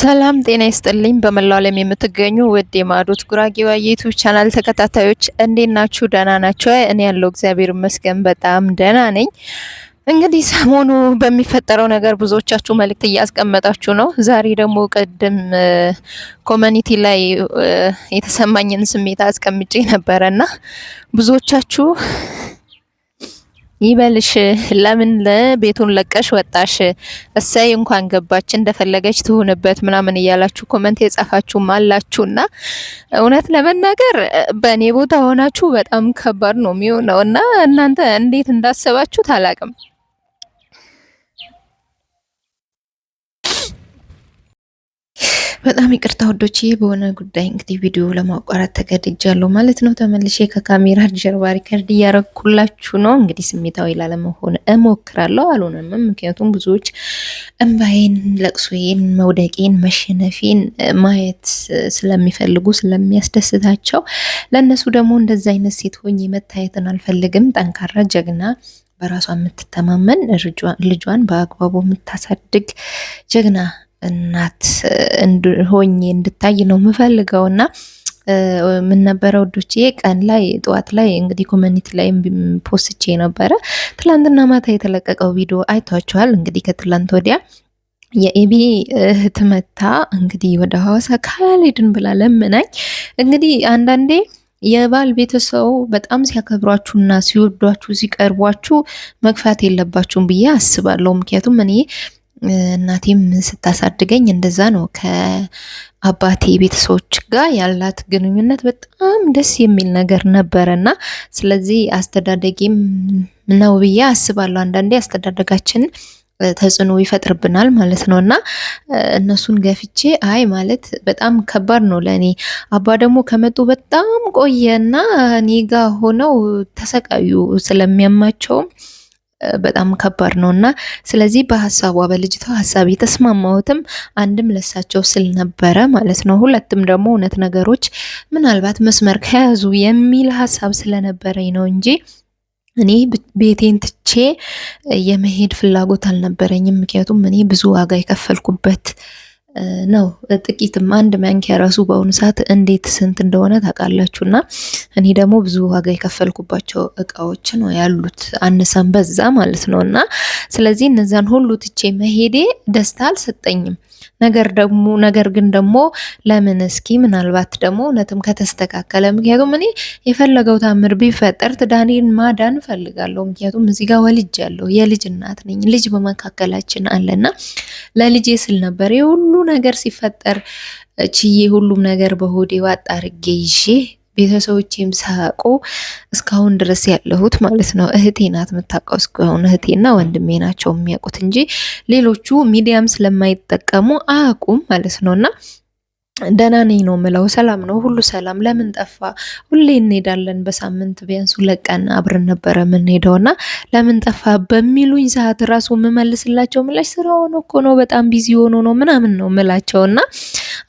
ሰላም ጤና ይስጥልኝ። በመላው ዓለም የምትገኙ ውድ የማዕዶት ጉራጌዋ የዩቲዩብ ቻናል ተከታታዮች እንዴት ናችሁ? ደህና ናቸው? እኔ ያለው እግዚአብሔር ይመስገን በጣም ደህና ነኝ። እንግዲህ ሰሞኑ በሚፈጠረው ነገር ብዙዎቻችሁ መልእክት እያስቀመጣችሁ ነው። ዛሬ ደግሞ ቅድም ኮሚኒቲ ላይ የተሰማኝን ስሜት አስቀምጬ ነበረ እና ብዙዎቻችሁ ይበልሽ ለምን ቤቱን ለቀሽ ወጣሽ? እሰይ እንኳን ገባች እንደፈለገች ትሁንበት ምናምን እያላችሁ ኮመንት የጻፋችሁም አላችሁና እውነት ለመናገር በእኔ ቦታ ሆናችሁ በጣም ከባድ ነው የሚሆነው እና እናንተ እንዴት እንዳሰባችሁ አላቅም። በጣም ይቅርታ ወዶቼ፣ በሆነ ጉዳይ እንግዲህ ቪዲዮ ለማቋረጥ ተገድጃለሁ ማለት ነው። ተመልሼ ከካሜራ ጀርባ ሪከርድ እያረኩላችሁ ነው። እንግዲህ ስሜታዊ ላለመሆን እሞክራለሁ፣ አልሆነም። ምክንያቱም ብዙዎች እንባዬን፣ ለቅሶዬን፣ መውደቄን፣ መሸነፌን ማየት ስለሚፈልጉ ስለሚያስደስታቸው፣ ለእነሱ ደግሞ እንደዚ አይነት ሴት ሆኜ መታየትን አልፈልግም። ጠንካራ ጀግና በራሷ የምትተማመን ልጇን በአግባቡ የምታሳድግ ጀግና እናት ሆኜ እንድታይ ነው የምፈልገው እና ምን ነበረ ወዶቼ ቀን ላይ ጠዋት ላይ እንግዲህ ኮሚኒቲ ላይ ፖስቼ ነበረ። ትላንትና ማታ የተለቀቀው ቪዲዮ አይቷችኋል። እንግዲህ ከትላንት ወዲያ የኤቢ እህት መታ እንግዲህ ወደ ሐዋሳ ካልሄድን ብላ ለምናኝ። እንግዲህ አንዳንዴ የባል ቤተሰቡ በጣም ሲያከብሯችሁና ሲወዷችሁ ሲቀርቧችሁ መግፋት የለባችሁም ብዬ አስባለሁ። ምክንያቱም እኔ እናቴም ስታሳድገኝ እንደዛ ነው። ከአባቴ ቤተሰቦች ጋር ያላት ግንኙነት በጣም ደስ የሚል ነገር ነበረ እና ስለዚህ አስተዳደጌም ነው ብዬ አስባለሁ። አንዳንዴ አስተዳደጋችን ተጽዕኖ ይፈጥርብናል ማለት ነው እና እነሱን ገፍቼ አይ ማለት በጣም ከባድ ነው ለእኔ። አባ ደግሞ ከመጡ በጣም ቆየ እና እኔ ጋ ሆነው ተሰቃዩ ስለሚያማቸውም በጣም ከባድ ነው እና ስለዚህ በሀሳቧ በልጅቷ ሀሳብ የተስማማሁትም አንድም ለሳቸው ስል ነበረ ማለት ነው። ሁለትም ደግሞ እውነት ነገሮች ምናልባት መስመር ከያዙ የሚል ሀሳብ ስለነበረኝ ነው እንጂ እኔ ቤቴን ትቼ የመሄድ ፍላጎት አልነበረኝም። ምክንያቱም እኔ ብዙ ዋጋ የከፈልኩበት ነው ጥቂትም አንድ ማንኪያ ራሱ በአሁኑ ሰዓት እንዴት ስንት እንደሆነ ታውቃላችሁ። እና እኔ ደግሞ ብዙ ዋጋ የከፈልኩባቸው እቃዎች ነው ያሉት አንሰን በዛ ማለት ነው። እና ስለዚህ እነዛን ሁሉ ትቼ መሄዴ ደስታ አልሰጠኝም። ነገር ደግሞ ነገር ግን ደግሞ ለምን እስኪ ምናልባት ደግሞ እውነትም ከተስተካከለ፣ ምክንያቱም እኔ የፈለገው ታምር ቢፈጠር ትዳኔን ማዳን እፈልጋለሁ። ምክንያቱም እዚህ ጋር ወልጅ ያለሁ የልጅ እናት ነኝ። ልጅ በመካከላችን አለና ለልጄ ስል ነበር የሁሉ ነገር ሲፈጠር ችዬ ሁሉም ነገር በሆዴ ዋጣ አርጌ ይዤ ቤተሰቦቼም ሳያውቁ እስካሁን ድረስ ያለሁት ማለት ነው። እህቴ ናት የምታውቀው እስካሁን እህቴና ወንድሜ ናቸው የሚያውቁት እንጂ ሌሎቹ ሚዲያም ስለማይጠቀሙ አያውቁም ማለት ነው እና ደህና ነኝ ነው ምለው። ሰላም ነው፣ ሁሉ ሰላም። ለምን ጠፋ? ሁሌ እንሄዳለን በሳምንት ቢያንስ ሁለት ቀን አብረን ነበረ የምንሄደው እና ለምን ጠፋ በሚሉኝ ሰዓት ራሱ የምመልስላቸው ምላሽ ስራ ሆኖ እኮ ነው፣ በጣም ቢዚ ሆኖ ነው ምናምን ነው ምላቸው እና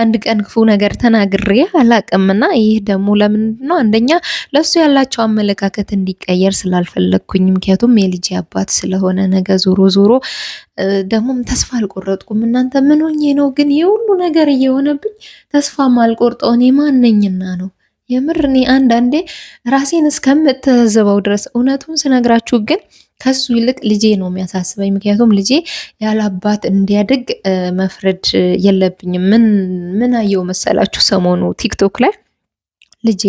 አንድ ቀን ክፉ ነገር ተናግሬ አላቅምና ይህ ደግሞ ለምንድን ነው? አንደኛ ለሱ ያላቸው አመለካከት እንዲቀየር ስላልፈለግኩኝ፣ ምክንያቱም የልጅ አባት ስለሆነ ነገ ዞሮ ዞሮ ደግሞም ተስፋ አልቆረጥኩም። እናንተ ምን ሆኜ ነው ግን ይህ ሁሉ ነገር እየሆነብኝ ተስፋ ማልቆርጠው እኔ ማነኝና ነው የምር እኔ አንዳንዴ ራሴን እስከምትዘበው ድረስ እውነቱን ስነግራችሁ ግን ከሱ ይልቅ ልጄ ነው የሚያሳስበኝ። ምክንያቱም ልጄ ያለ አባት እንዲያድግ መፍረድ የለብኝም። ምን ምን አየው መሰላችሁ ሰሞኑ ቲክቶክ ላይ ልጄ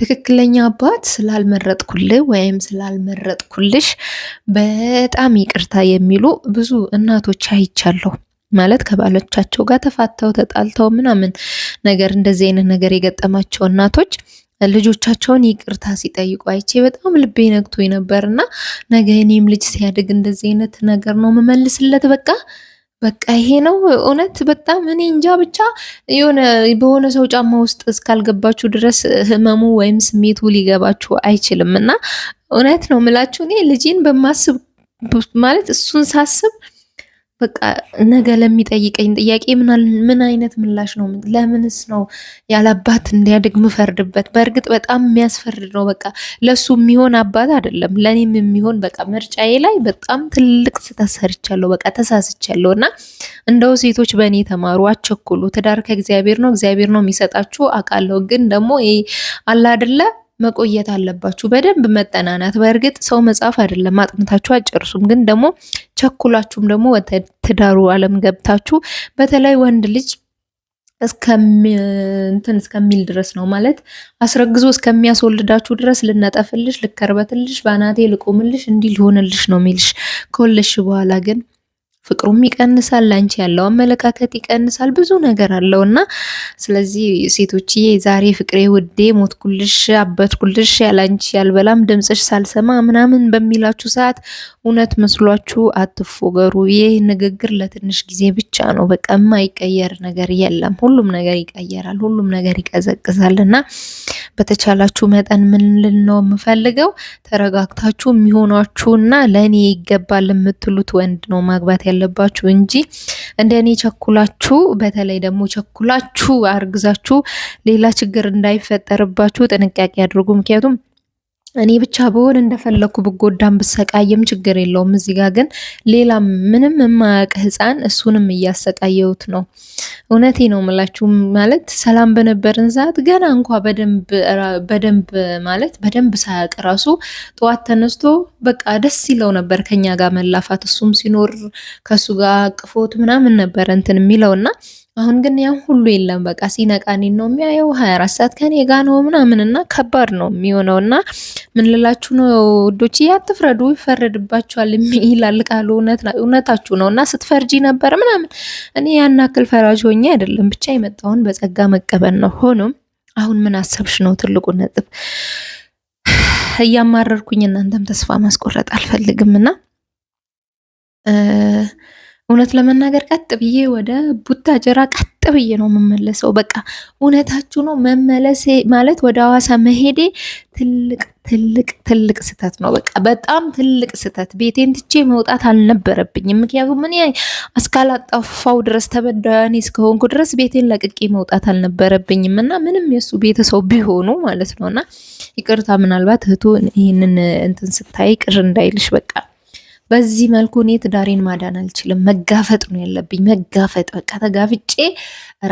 ትክክለኛ አባት ስላልመረጥኩልህ ወይም ስላልመረጥኩልሽ በጣም ይቅርታ የሚሉ ብዙ እናቶች አይቻለሁ። ማለት ከባሎቻቸው ጋር ተፋተው ተጣልተው ምናምን ነገር እንደዚህ አይነት ነገር የገጠማቸው እናቶች ልጆቻቸውን ይቅርታ ሲጠይቁ አይቼ በጣም ልቤ ነግቶ ነበር እና ነገ እኔም ልጅ ሲያድግ እንደዚህ አይነት ነገር ነው የምመልስለት። በቃ በቃ ይሄ ነው እውነት። በጣም እኔ እንጃ ብቻ የሆነ በሆነ ሰው ጫማ ውስጥ እስካልገባችሁ ድረስ ህመሙ ወይም ስሜቱ ሊገባችሁ አይችልም እና እውነት ነው ምላችሁ እኔ ልጅን በማስብ ማለት እሱን ሳስብ በቃ ነገ ለሚጠይቀኝ ጥያቄ ምን አይነት ምላሽ ነው? ለምንስ ነው ያለ አባት እንዲያድግ ምፈርድበት? በእርግጥ በጣም የሚያስፈርድ ነው። በቃ ለሱ የሚሆን አባት አይደለም፣ ለእኔም የሚሆን በቃ ምርጫዬ ላይ በጣም ትልቅ ስህተት ሰርቻለሁ። በቃ ተሳስቻለሁ። እና እንደው ሴቶች በእኔ ተማሩ፣ አቸኩሉ። ትዳር ከእግዚአብሔር ነው፣ እግዚአብሔር ነው የሚሰጣችሁ አውቃለሁ። ግን ደግሞ ይሄ አለ አይደለ መቆየት አለባችሁ። በደንብ መጠናናት። በእርግጥ ሰው መጽሐፍ አይደለም አጥንታችሁ አጨርሱም። ግን ደግሞ ቸኩላችሁም ደግሞ ወደ ትዳሩ ገብታችሁ በተለይ ወንድ ልጅ እንትን እስከሚል ድረስ ነው ማለት አስረግዞ እስከሚያስወልዳችሁ ድረስ ልነጠፍልሽ፣ ልከርበትልሽ፣ በአናቴ ልቆምልሽ፣ እንዲህ ሊሆንልሽ ነው የሚልሽ። ከወለሽ በኋላ ግን ፍቅሩም ይቀንሳል፣ ላንቺ ያለው አመለካከት ይቀንሳል። ብዙ ነገር አለው እና ስለዚህ ሴቶችዬ ዛሬ ፍቅሬ ውዴ ሞትኩልሽ፣ አበትኩልሽ፣ ያላንቺ ያልበላም ድምፅሽ ሳልሰማ ምናምን በሚላችሁ ሰዓት እውነት መስሏችሁ አትፎገሩ። ይህ ንግግር ለትንሽ ጊዜ ብቻ ነው። በቃ የማይቀየር ነገር የለም። ሁሉም ነገር ይቀየራል፣ ሁሉም ነገር ይቀዘቅዛል። እና በተቻላችሁ መጠን ምን ልል ነው የምፈልገው፣ ተረጋግታችሁ የሚሆኗችሁና ለእኔ ይገባል የምትሉት ወንድ ነው ማግባት ያለባችሁ እንጂ እንደ እኔ ቸኩላችሁ፣ በተለይ ደግሞ ቸኩላችሁ አርግዛችሁ ሌላ ችግር እንዳይፈጠርባችሁ ጥንቃቄ አድርጉ። ምክንያቱም እኔ ብቻ በሆን እንደፈለኩ ብጎዳም ብሰቃየም ችግር የለውም። እዚህ ጋር ግን ሌላ ምንም የማያውቅ ህፃን እሱንም እያሰቃየሁት ነው። እውነቴ ነው ምላችሁ ማለት ሰላም በነበረን ሰዓት ገና እንኳ በደንብ ማለት በደንብ ሳያውቅ ራሱ ጠዋት ተነስቶ በቃ ደስ ይለው ነበር ከኛ ጋር መላፋት፣ እሱም ሲኖር ከሱ ጋር ቅፎት ምናምን ነበር እንትን የሚለው እና አሁን ግን ያ ሁሉ የለም። በቃ ሲነቃኒ ነው የሚያየው 24 ሰዓት ከኔ ጋ ነው ምናምን እና ከባድ ነው የሚሆነው። እና ምን ልላችሁ ነው ውዶች፣ አትፍረዱ፣ ይፈረድባችኋል ይላል ቃሉ። እውነታችሁ ነው። እና ስትፈርጂ ነበር ምናምን። እኔ ያን አክል ፈራጅ ሆኜ አይደለም፣ ብቻ የመጣውን በጸጋ መቀበል ነው። ሆኖም አሁን ምን አሰብሽ ነው ትልቁ ነጥብ። እያማረርኩኝ እናንተም ተስፋ ማስቆረጥ አልፈልግም እና እውነት ለመናገር ቀጥ ብዬ ወደ ጀራ ቀጥ ብዬ ነው የምመለሰው። በቃ እውነታችሁ ነው። መመለሴ ማለት ወደ ሐዋሳ መሄዴ ትልቅ ትልቅ ትልቅ ስህተት ነው። በቃ በጣም ትልቅ ስህተት። ቤቴን ትቼ መውጣት አልነበረብኝም። ምክንያቱም እኔ እስካላጠፋው ድረስ ተበዳያኔ እስከሆንኩ ድረስ ቤቴን ለቅቄ መውጣት አልነበረብኝም እና ምንም የእሱ ቤተሰው ቢሆኑ ማለት ነው እና ይቅርታ ምናልባት እህቱ ይህንን እንትን ስታይ ቅር እንዳይልሽ በቃ በዚህ መልኩ እኔ ትዳሬን ማዳን አልችልም። መጋፈጥ ነው ያለብኝ። መጋፈጥ በቃ ተጋፍጬ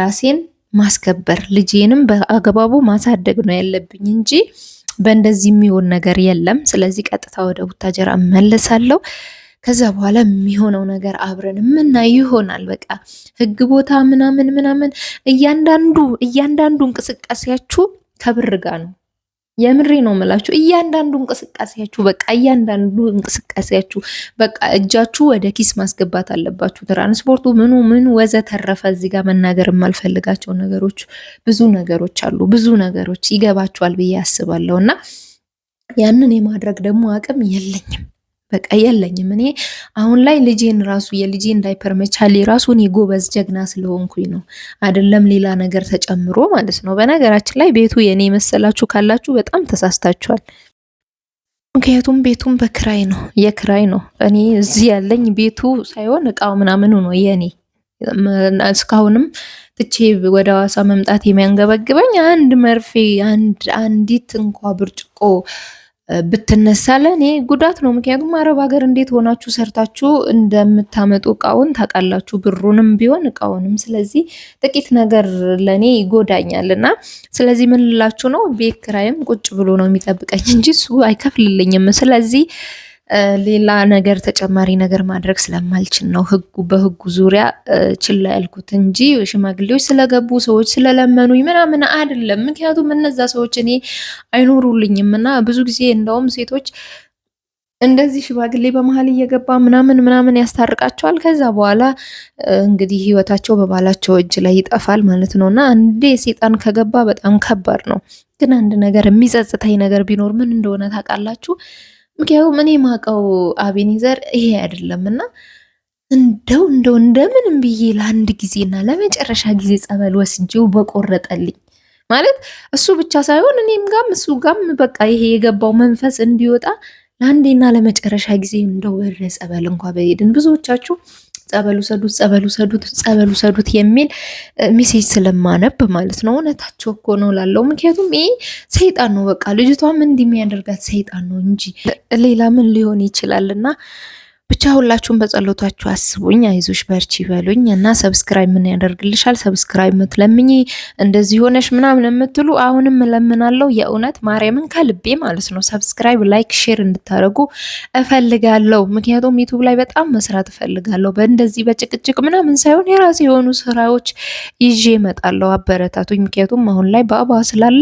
ራሴን ማስከበር ልጄንም በአግባቡ ማሳደግ ነው ያለብኝ እንጂ በእንደዚህ የሚሆን ነገር የለም። ስለዚህ ቀጥታ ወደ ቡታጀራ እመለሳለሁ። ከዛ በኋላ የሚሆነው ነገር አብረን የምናይ ይሆናል። በቃ ህግ ቦታ ምናምን ምናምን እያንዳንዱ እያንዳንዱ እንቅስቃሴያችሁ ከብር ጋር ነው። የምሬ ነው የምላችሁ። እያንዳንዱ እንቅስቃሴያችሁ በቃ እያንዳንዱ እንቅስቃሴያችሁ በቃ እጃችሁ ወደ ኪስ ማስገባት አለባችሁ። ትራንስፖርቱ ምኑ ምን ወዘተረፈ። እዚህ ጋር መናገር የማልፈልጋቸው ነገሮች ብዙ ነገሮች አሉ። ብዙ ነገሮች ይገባችኋል ብዬ አስባለሁ እና ያንን የማድረግ ደግሞ አቅም የለኝም በቃ የለኝም። እኔ አሁን ላይ ልጄን ራሱ የልጄን ዳይፐር መቻሌ ራሱ እኔ ጎበዝ ጀግና ስለሆንኩኝ ነው፣ አይደለም ሌላ ነገር ተጨምሮ ማለት ነው። በነገራችን ላይ ቤቱ የእኔ መሰላችሁ ካላችሁ በጣም ተሳስታችኋል። ምክንያቱም ቤቱም በክራይ ነው፣ የክራይ ነው። እኔ እዚህ ያለኝ ቤቱ ሳይሆን እቃው ምናምኑ ነው የእኔ። እስካሁንም ትቼ ወደ ሐዋሳ መምጣት የሚያንገበግበኝ አንድ መርፌ አንድ አንዲት እንኳ ብርጭቆ ብትነሳ ለእኔ ጉዳት ነው። ምክንያቱም አረብ ሀገር እንዴት ሆናችሁ ሰርታችሁ እንደምታመጡ እቃውን ታውቃላችሁ፣ ብሩንም ቢሆን እቃውንም። ስለዚህ ጥቂት ነገር ለእኔ ይጎዳኛል እና ስለዚህ ምን ልላችሁ ነው፣ ቤት ቁጭ ብሎ ነው የሚጠብቀኝ እንጂ እሱ አይከፍልልኝም። ስለዚህ ሌላ ነገር ተጨማሪ ነገር ማድረግ ስለማልችል ነው ህጉ በህጉ ዙሪያ ችላ ያልኩት እንጂ ሽማግሌዎች ስለገቡ ሰዎች ስለለመኑኝ ምናምን አይደለም። ምክንያቱም እነዛ ሰዎች እኔ አይኖሩልኝም እና ብዙ ጊዜ እንደውም ሴቶች እንደዚህ ሽማግሌ በመሀል እየገባ ምናምን ምናምን ያስታርቃቸዋል። ከዛ በኋላ እንግዲህ ህይወታቸው በባላቸው እጅ ላይ ይጠፋል ማለት ነው እና አንዴ ሴጣን ከገባ በጣም ከባድ ነው። ግን አንድ ነገር የሚጸጽተኝ ነገር ቢኖር ምን እንደሆነ ታውቃላችሁ? ምክንያቱም እኔ ማቀው አቤኒዘር ይሄ አይደለም እና እንደው እንደው እንደምንም ብዬ ለአንድ ጊዜና ለመጨረሻ ጊዜ ጸበል ወስጄው በቆረጠልኝ ማለት እሱ ብቻ ሳይሆን እኔም ጋም እሱ ጋም በቃ ይሄ የገባው መንፈስ እንዲወጣ ለአንዴና ለመጨረሻ ጊዜ እንደው ወደ ጸበል እንኳ በሄድን ብዙዎቻችሁ ጸበሉ ሰዱት ጸበሉ ሰዱት ጸበሉ ሰዱት የሚል ሜሴጅ ስለማነብ ማለት ነው። እውነታቸው እኮ ነው ላለው። ምክንያቱም ይሄ ሰይጣን ነው በቃ ልጅቷም እንዲህ የሚያደርጋት ሰይጣን ነው እንጂ ሌላ ምን ሊሆን ይችላል እና ብቻ ሁላችሁም በጸሎታችሁ አስቡኝ። አይዞሽ በርቺ በሉኝ እና ሰብስክራይብ ምን ያደርግልሻል? ሰብስክራይብ ምትለምኝ እንደዚህ ሆነሽ ምናምን የምትሉ አሁንም እለምናለሁ። የእውነት ማርያምን ከልቤ ማለት ነው። ሰብስክራይብ፣ ላይክ፣ ሼር እንድታደርጉ እፈልጋለሁ። ምክንያቱም ዩቱብ ላይ በጣም መስራት እፈልጋለሁ። በእንደዚህ በጭቅጭቅ ምናምን ሳይሆን የራሴ የሆኑ ስራዎች ይዤ እመጣለሁ። አበረታቱኝ። ምክንያቱም አሁን ላይ በአባ ስላለ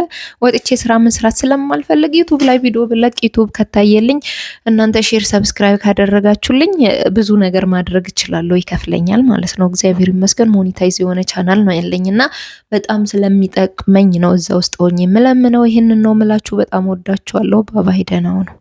ወጥቼ ስራ መስራት ስለማልፈልግ ዩቱብ ላይ ቪዲዮ ብለቅ ዩቱብ ከታየልኝ እናንተ ሼር ሰብስክራይብ ካደረጋችሁ ቢያደርጉልኝ ብዙ ነገር ማድረግ እችላለሁ፣ ይከፍለኛል ማለት ነው። እግዚአብሔር ይመስገን ሞኒታይዝ የሆነ ቻናል ነው ያለኝ እና በጣም ስለሚጠቅመኝ ነው እዛ ውስጥ ሆኜ የምለምነው። ይህንን ነው ምላችሁ። በጣም ወዳችኋለሁ። ባባ ሄደናው ነው